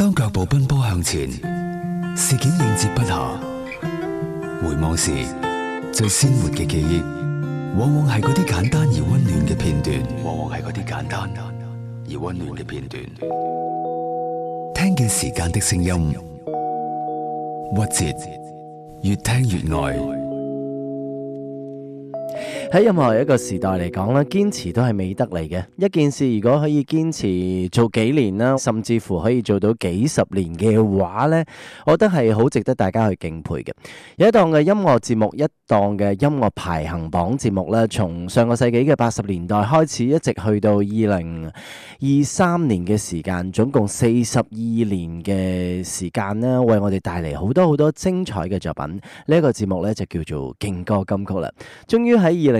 當腳步奔波向前，事件應接不暇，回望時最鮮活嘅記憶，往往係嗰啲簡單而溫暖嘅片段。往往係啲簡單而溫暖嘅片段。聽見時間的聲音，曲折，越聽越愛。喺任何一個時代嚟講咧，堅持都係美德嚟嘅。一件事如果可以堅持做幾年啦，甚至乎可以做到幾十年嘅話呢，我覺得係好值得大家去敬佩嘅。有一檔嘅音樂節目，一檔嘅音樂排行榜節目咧，從上個世紀嘅八十年代開始，一直去到二零二三年嘅時間，總共四十二年嘅時間啦，為我哋帶嚟好多好多精彩嘅作品。呢、這、一個節目呢，就叫做勁歌金曲啦。終於喺二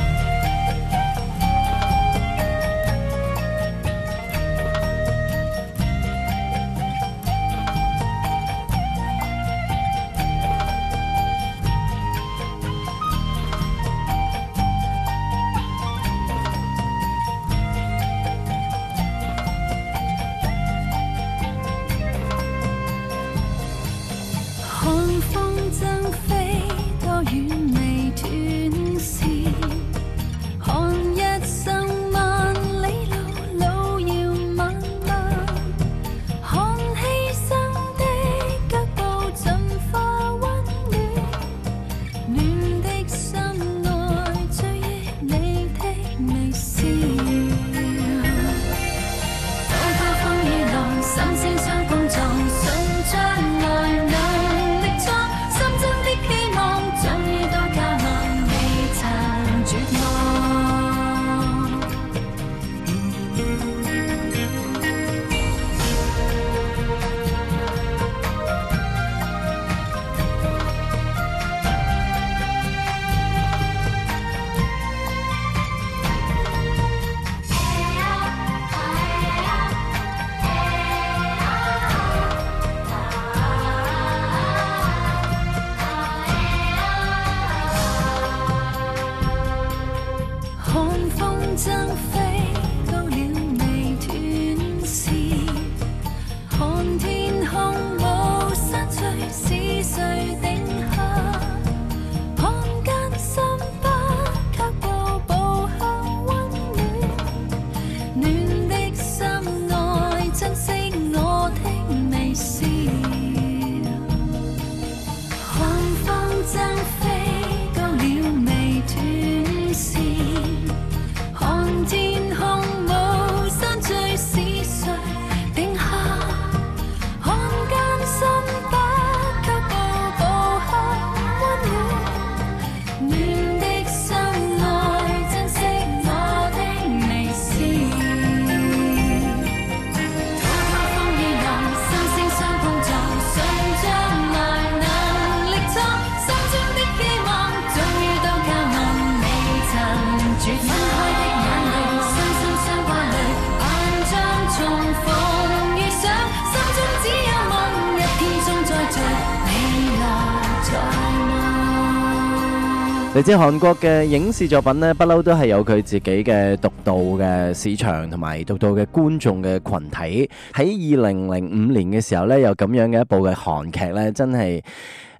嚟自韓國嘅影視作品咧，不嬲都係有佢自己嘅獨到嘅市場同埋獨到嘅觀眾嘅群體。喺二零零五年嘅時候呢，有咁樣嘅一部嘅韓劇呢，真係，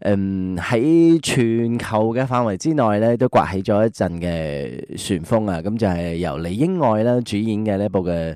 嗯喺全球嘅範圍之內呢，都刮起咗一陣嘅旋風啊！咁就係由李英愛啦主演嘅呢部嘅。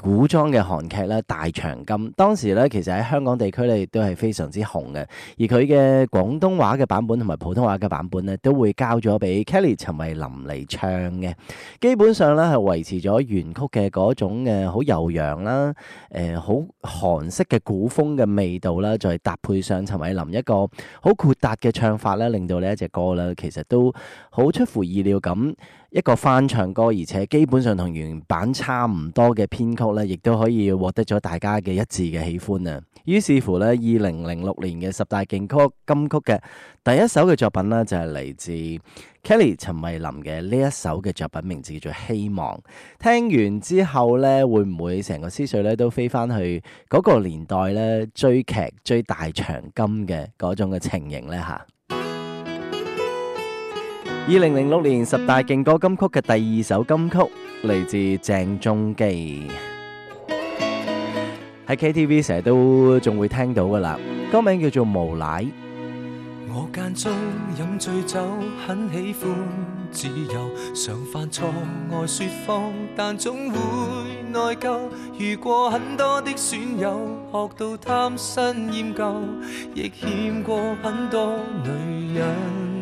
古裝嘅韓劇啦，大長今當時咧，其實喺香港地區咧亦都係非常之紅嘅。而佢嘅廣東話嘅版本同埋普通話嘅版本咧，都會交咗俾 Kelly 陳慧琳嚟唱嘅。基本上咧係維持咗原曲嘅嗰種嘅好悠揚啦，誒好韓式嘅古風嘅味道啦，再搭配上陳慧琳一個好闊達嘅唱法咧，令到呢一隻歌啦，其實都好出乎意料咁。一個翻唱歌，而且基本上同原版差唔多嘅編曲咧，亦都可以獲得咗大家嘅一致嘅喜歡啊。於是乎咧，二零零六年嘅十大勁曲金曲嘅第一首嘅作品呢，就係嚟自 Kelly 陳慧琳嘅呢一首嘅作品，名字叫做《希望》。聽完之後咧，會唔會成個思緒咧都飛翻去嗰個年代咧追劇追大長今嘅嗰種嘅情形呢？吓。二零零六年十大勁歌金曲嘅第二首金曲嚟自鄭中基，喺 KTV 成日都仲會聽到噶啦，歌名叫做《無賴》。我間中飲醉酒，很喜歡自由，常犯錯，愛說謊，但總會內疚。遇過很多的損友，學到貪新厭舊，亦欠過很多女人。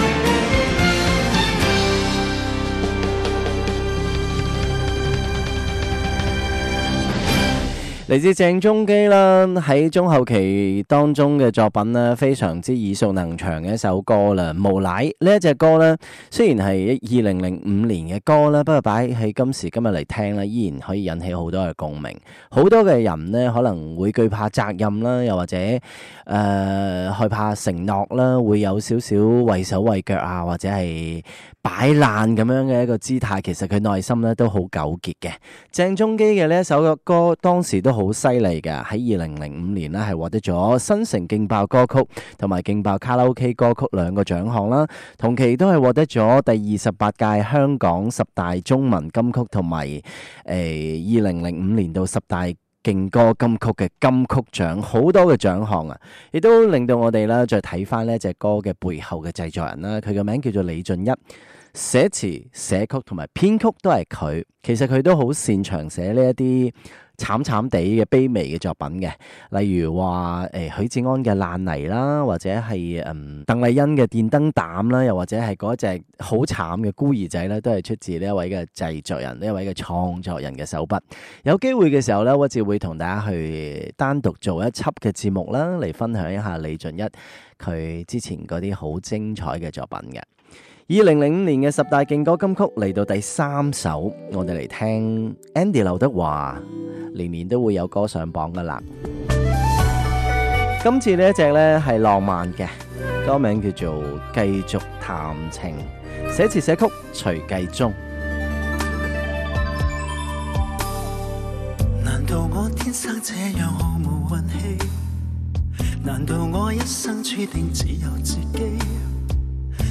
嚟自鄭中基啦，喺中後期當中嘅作品呢，非常之耳熟能詳嘅一首歌啦，《無賴》呢一隻歌呢，雖然係二零零五年嘅歌啦，不過擺喺今時今日嚟聽咧，依然可以引起好多嘅共鳴。好多嘅人呢，可能會懼怕責任啦，又或者誒、呃、害怕承諾啦，會有少少畏手畏腳啊，或者係。擺爛咁樣嘅一個姿態，其實佢內心咧都好糾結嘅。鄭中基嘅呢一首嘅歌，當時都好犀利㗎，喺二零零五年咧係獲得咗新城勁爆歌曲同埋勁爆卡拉 OK 歌曲兩個獎項啦。同期都係獲得咗第二十八屆香港十大中文金曲同埋誒二零零五年到十大，勁歌金曲嘅金曲獎好多嘅獎項啊，亦都令到我哋啦再睇翻呢一隻歌嘅背後嘅製作人啦，佢嘅名叫做李峻一，寫詞、寫曲同埋編曲都係佢，其實佢都好擅長寫呢一啲。慘慘地嘅卑微嘅作品嘅，例如話誒許志安嘅爛泥啦，或者係嗯鄧麗欣嘅電燈膽啦，又或者係嗰隻好慘嘅孤兒仔咧，都係出自呢一位嘅製作人，呢一位嘅創作人嘅手筆。有機會嘅時候咧，我哋會同大家去單獨做一輯嘅節目啦，嚟分享一下李俊一佢之前嗰啲好精彩嘅作品嘅。二零零五年嘅十大勁歌金曲嚟到第三首，我哋嚟聽 Andy 劉德華，年年都會有歌上榜㗎喇，今次呢一隻呢係浪漫嘅，歌名叫做《繼續談情》，寫詞寫曲徐繼中。難道我天生這樣毫無運氣？難道我一生注定只有自己？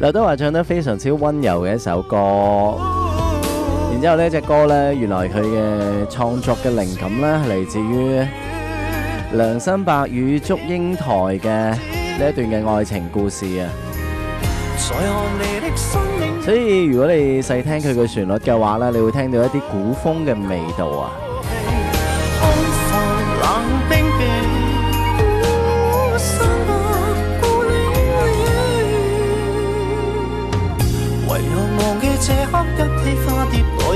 劉德華唱得非常之温柔嘅一首歌，然之後呢隻歌呢，原來佢嘅創作嘅靈感呢係嚟自於梁山伯與祝英台嘅呢一段嘅愛情故事啊。所以如果你細聽佢嘅旋律嘅話呢，你會聽到一啲古風嘅味道啊。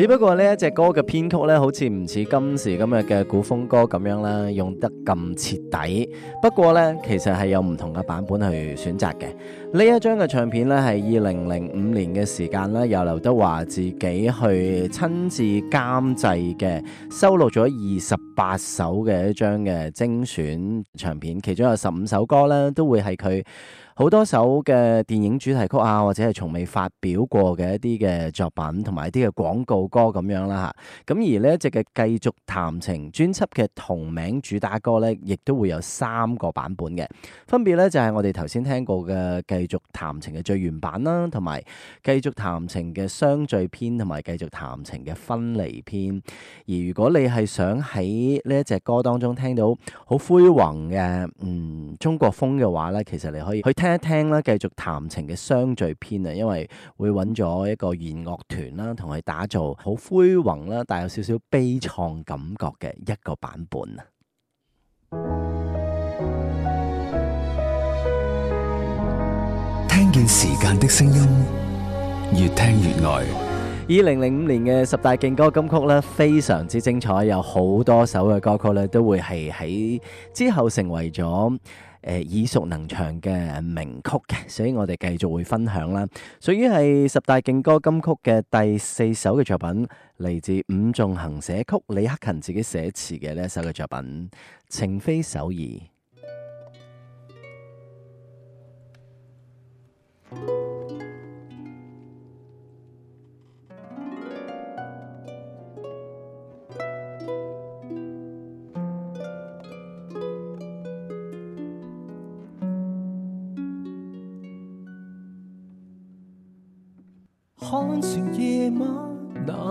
只不過呢一隻歌嘅編曲咧，好似唔似今時今日嘅古風歌咁樣啦，用得咁徹底。不過呢，其實係有唔同嘅版本去選擇嘅。呢一張嘅唱片呢，係二零零五年嘅時間啦，由劉德華自己去親自監製嘅，收錄咗二十八首嘅一張嘅精選唱片，其中有十五首歌呢，都會係佢。好多首嘅電影主題曲啊，或者係從未發表過嘅一啲嘅作品，同埋一啲嘅廣告歌咁樣啦吓。咁而呢一隻嘅《繼續談情》專輯嘅同名主打歌咧，亦都會有三個版本嘅，分別咧就係我哋頭先聽過嘅《繼續談情》嘅最原版啦，同埋《繼續談情》嘅相聚篇，同埋《繼續談情》嘅分離篇。而如果你係想喺呢一隻歌當中聽到好輝煌嘅嗯中國風嘅話咧，其實你可以去聽。聽啦，繼續談情嘅相聚篇啊，因為會揾咗一個弦樂團啦，同佢打造好恢宏啦，帶有少少悲愴感覺嘅一個版本啊！聽見時間的聲音，越聽越愛。二零零五年嘅十大勁歌金曲呢，非常之精彩，有好多首嘅歌曲呢，都會係喺之後成為咗。呃、耳熟能詳嘅名曲嘅，所以我哋繼續會分享啦。屬於係十大勁歌金曲嘅第四首嘅作品，嚟自伍仲衡寫曲，李克勤自己寫詞嘅呢一首嘅作品《情非首爾》。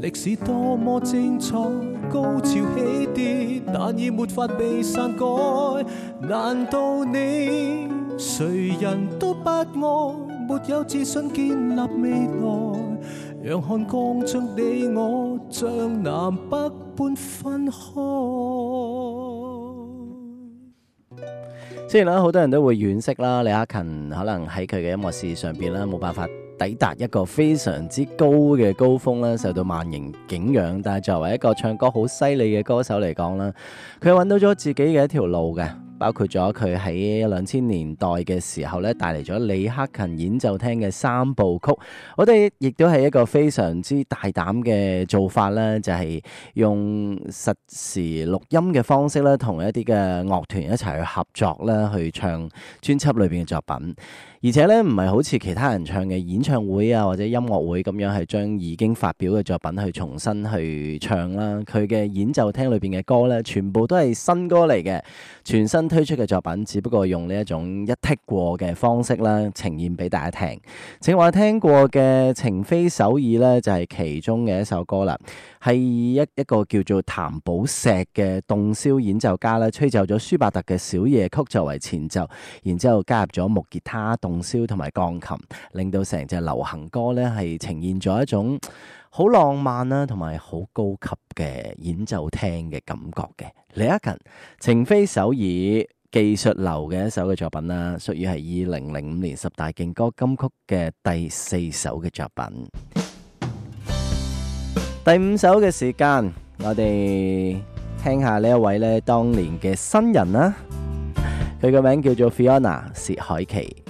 歷史多麼精彩，高潮起跌，但已沒法被篡改。難道你誰人都不愛？沒有自信建立未來，讓看光將你我像南北般分開。雖然啦，好多人都會惋惜啦，李克勤可能喺佢嘅音樂史上邊啦，冇辦法。抵達一個非常之高嘅高峰，受到萬人景仰。但係作為一個唱歌好犀利嘅歌手嚟講啦，佢揾到咗自己嘅一條路嘅，包括咗佢喺兩千年代嘅時候咧，帶嚟咗李克勤演奏廳嘅三部曲。我哋亦都係一個非常之大膽嘅做法啦，就係用實時錄音嘅方式咧，同一啲嘅樂團一齊去合作啦，去唱專輯裏面嘅作品。而且咧唔係好似其他人唱嘅演唱會啊或者音樂會咁樣，係將已經發表嘅作品去重新去唱啦。佢嘅演奏廳裏邊嘅歌咧，全部都係新歌嚟嘅，全新推出嘅作品。只不過用呢一種一剔過嘅方式啦，呈現俾大家聽。請話聽過嘅《情非首爾》咧，就係、是、其中嘅一首歌啦。係以一一個叫做譚寶石嘅洞簫演奏家咧吹奏咗舒伯特嘅小夜曲作為前奏，然之後加入咗木吉他洞。紅燒同埋鋼琴，令到成隻流行歌咧，係呈現咗一種好浪漫啦，同埋好高級嘅演奏廳嘅感覺嘅。李克勤，情非首爾技術流嘅一首嘅作品啦，屬於係二零零五年十大勁歌金曲嘅第四首嘅作品。第五首嘅時間，我哋聽下呢一位咧，當年嘅新人啦，佢個名叫做 Fiona 薛凱琪。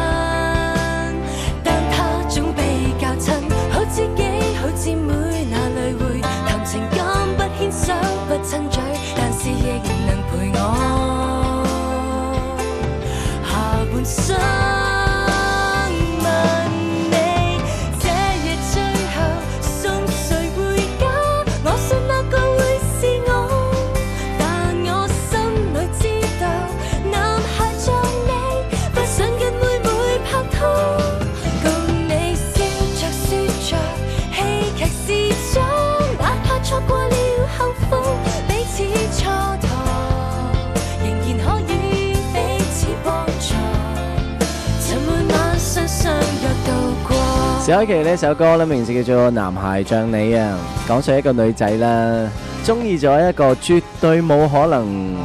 有一期呢首歌咧，名字叫做《男孩像你》啊，講述一個女仔啦，中意咗一個絕對冇可能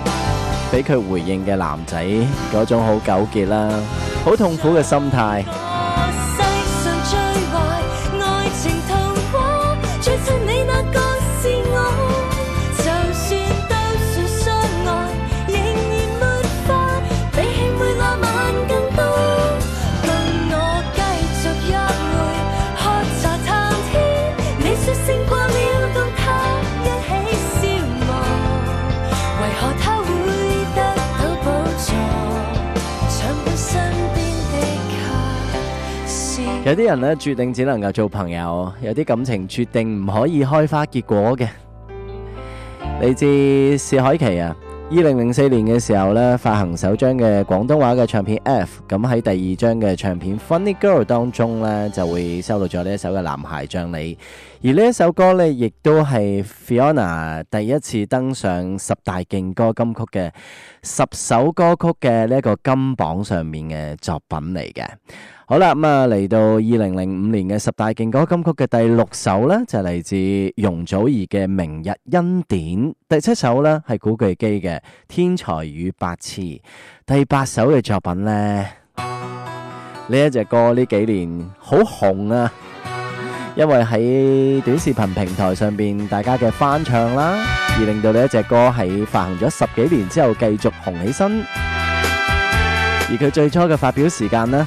俾佢回應嘅男仔，嗰種好糾結啦，好痛苦嘅心態。啲人呢，注定只能夠做朋友，有啲感情注定唔可以開花結果嘅。嚟 自薛凱琪啊，二零零四年嘅時候呢，發行首張嘅廣東話嘅唱片 F，咁喺第二張嘅唱片 Funny Girl 當中呢，就會收到咗呢一首嘅《男孩像你》，而呢一首歌呢，亦都係 Fiona 第一次登上十大勁歌金曲嘅十首歌曲嘅呢一個金榜上面嘅作品嚟嘅。好啦，咁啊嚟到二零零五年嘅十大勁歌金曲嘅第六首呢，就係嚟自容祖兒嘅《明日恩典》；第七首呢，係古巨基嘅《天才與白痴》；第八首嘅作品呢，呢一隻歌呢幾年好紅啊，因為喺短視頻平台上邊大家嘅翻唱啦，而令到呢一隻歌喺發行咗十幾年之後繼續紅起身。而佢最初嘅發表時間呢？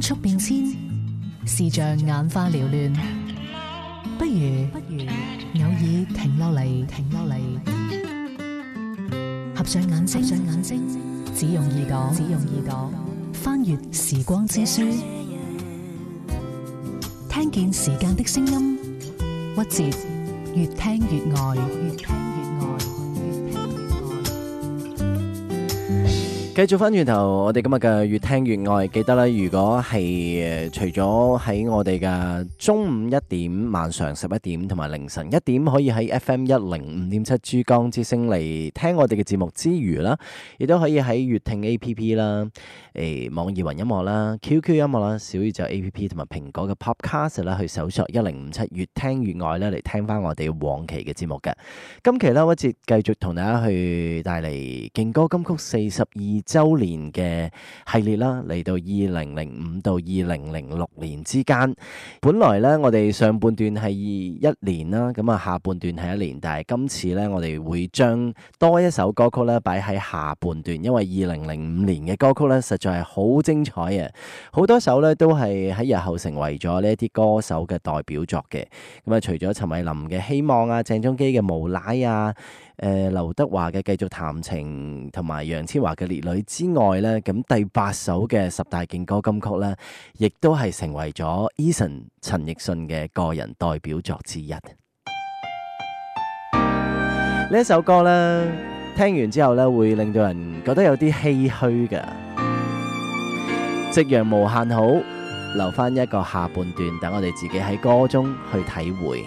速變遷，視像眼花繚亂，不如，不如偶爾停落嚟，停落嚟，合上眼睛，上眼睛，只用耳朵，翻閱時光之書，Yeah. 聽見時間的聲音，曲折越聽越愛。越繼續翻轉頭，我哋今日嘅越聽越愛，記得啦，如果係除咗喺我哋嘅中午一點、晚上十一點同埋凌晨一點，可以喺 FM 一零五點七珠江之聲嚟聽我哋嘅節目之餘啦，亦都可以喺粵聽 A P P 啦、誒網易雲音樂啦、Q Q 音樂啦、小宇宙 A P P 同埋蘋果嘅 Podcast 啦，去搜索一零五七越聽越愛啦，嚟聽翻我哋往期嘅節目嘅。今期呢，一志繼續同大家去帶嚟勁歌金曲四十二。周年嘅系列啦，嚟到二零零五到二零零六年之間。本來呢，我哋上半段係一年啦，咁啊下半段係一年，但係今次呢，我哋會將多一首歌曲呢擺喺下半段，因為二零零五年嘅歌曲呢，實在係好精彩嘅，好多首呢，都係喺日後成為咗呢一啲歌手嘅代表作嘅。咁啊，除咗陳慧琳嘅希望啊，鄭中基嘅無賴啊。誒、呃、劉德華嘅《繼續談情》同埋楊千嬅嘅《烈女》之外呢，咁第八首嘅十大勁歌金曲呢，亦都係成為咗 Eason 陳奕迅嘅個人代表作之一。呢 一首歌呢，聽完之後呢，會令到人覺得有啲唏噓嘅。夕陽 無限好，留翻一個下半段，等我哋自己喺歌中去體會。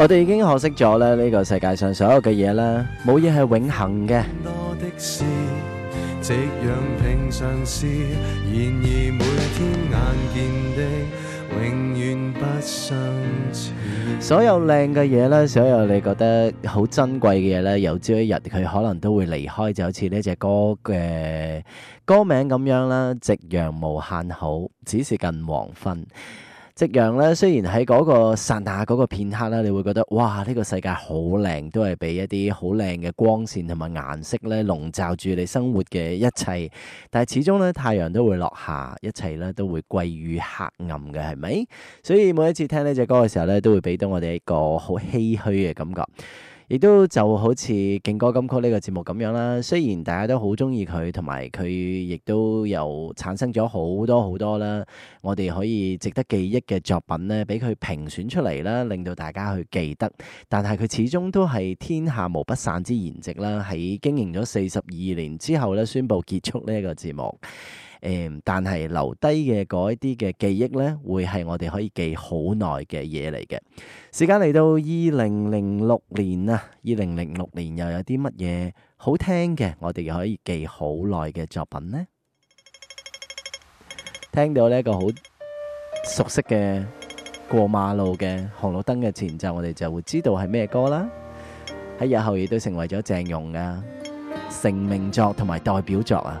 我哋已經學識咗咧，呢個世界上所有嘅嘢啦。冇嘢係永恒嘅。多的是夕陽平常事，然而每天眼見的永遠不相似。所有靚嘅嘢呢，所有你覺得好珍貴嘅嘢呢，有朝一日佢可能都會離開，就好似呢隻歌嘅歌名咁樣啦。夕陽無限好，只是近黃昏。夕陽咧，雖然喺嗰個剎那嗰個片刻咧，你會覺得哇，呢個世界好靚，都係俾一啲好靚嘅光線同埋顏色咧籠罩住你生活嘅一切。但係始終咧，太陽都會落下，一切咧都會歸於黑暗嘅，係咪？所以每一次聽呢隻歌嘅時候咧，都會俾到我哋一個好唏噓嘅感覺。亦都就好似勁歌金曲呢個節目咁樣啦，雖然大家都好中意佢，同埋佢亦都有產生咗好多好多啦，我哋可以值得記憶嘅作品呢，俾佢評選出嚟啦，令到大家去記得。但係佢始終都係天下無不散之筵席啦，喺經營咗四十二年之後咧，宣布結束呢一個節目。誒，但係留低嘅嗰一啲嘅記憶咧，會係我哋可以記好耐嘅嘢嚟嘅。時間嚟到二零零六年啊，二零零六年又有啲乜嘢好聽嘅，我哋又可以記好耐嘅作品呢？聽到呢個好熟悉嘅過馬路嘅紅綠燈嘅前奏，我哋就會知道係咩歌啦。喺日後亦都成為咗鄭融嘅成名作同埋代表作啊！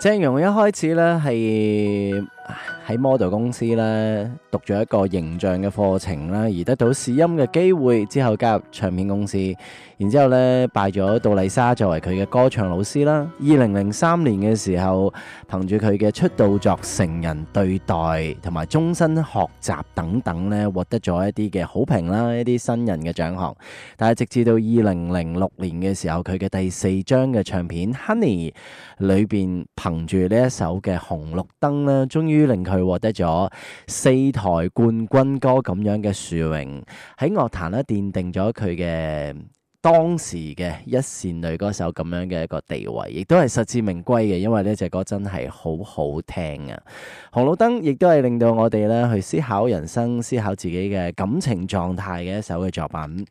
鄭融一開始咧係喺 model 公司呢，讀咗一個形象嘅課程啦，而得到試音嘅機會之後加入唱片公司，然之後呢，拜咗杜麗莎作為佢嘅歌唱老師啦。二零零三年嘅時候，憑住佢嘅出道作《成人對待》同埋《終身學習》等等呢，獲得咗一啲嘅好評啦，一啲新人嘅獎項。但係直至到二零零六年嘅時候，佢嘅第四張嘅唱片《Honey》裏面，憑住呢一首嘅《紅綠燈》呢，終於令佢獲得咗四台冠軍歌咁樣嘅殊榮，喺樂壇咧奠定咗佢嘅當時嘅一線女歌手咁樣嘅一個地位，亦都係實至名歸嘅，因為呢隻歌真係好好聽啊！紅綠燈亦都係令到我哋咧去思考人生、思考自己嘅感情狀態嘅一首嘅作品。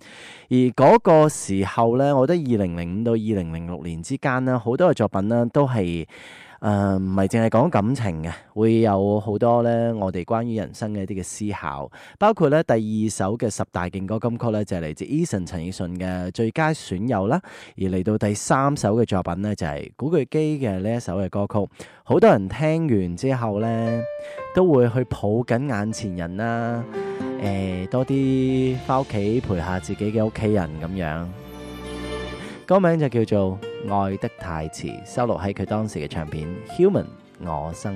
而嗰個時候呢，我覺得二零零五到二零零六年之間呢，好多嘅作品呢都係。誒，唔係淨係講感情嘅，會有好多呢。我哋關於人生嘅一啲嘅思考，包括呢第二首嘅十大勁歌金曲呢，就係嚟自 Eason 陳奕迅嘅最佳損友啦。而嚟到第三首嘅作品呢，就係古巨基嘅呢一首嘅歌曲。好多人聽完之後呢，都會去抱緊眼前人啦，誒、呃，多啲翻屋企陪下自己嘅屋企人咁樣。歌名就叫做。愛得太遲，收錄喺佢當時嘅唱片《Human 我生》。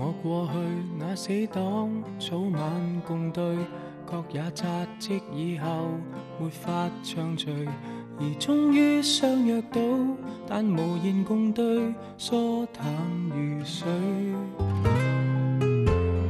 我過去那死黨，早晚共對，各也扎職以後，沒法暢聚，而終於相約到，但無言共對，疏淡如水。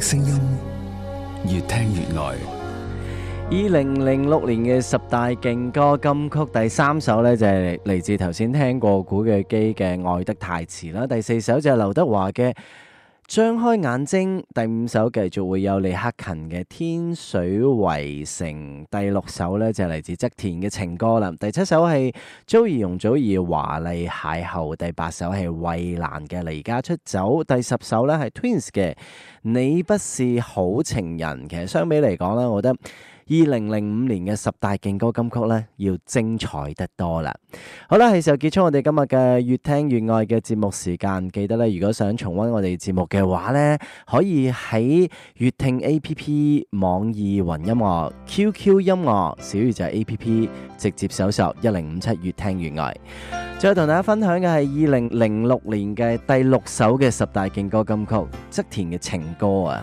聲音越聽越愛。二零零六年嘅十大勁歌金曲第三首呢，就係嚟自頭先聽過古巨基嘅《愛得太遲》啦，第四首就係劉德華嘅。張開眼睛，第五首繼續會有李克勤嘅《天水圍城》，第六首呢就係嚟自側田嘅情歌啦。第七首係周儀容祖兒華麗邂逅，第八首係衛蘭嘅離家出走，第十首呢係 Twins 嘅你不是好情人。其實相比嚟講啦，我覺得。二零零五年嘅十大勁歌金曲呢，要精彩得多啦！好啦，係時候結束我哋今日嘅越聽越愛嘅節目時間。記得咧，如果想重溫我哋節目嘅話呢，可以喺越聽 A P P、網易雲音樂、Q Q 音樂、小宇宙 A P P 直接搜索一零五七越聽越愛。最後同大家分享嘅係二零零六年嘅第六首嘅十大勁歌金曲，側田嘅情歌啊！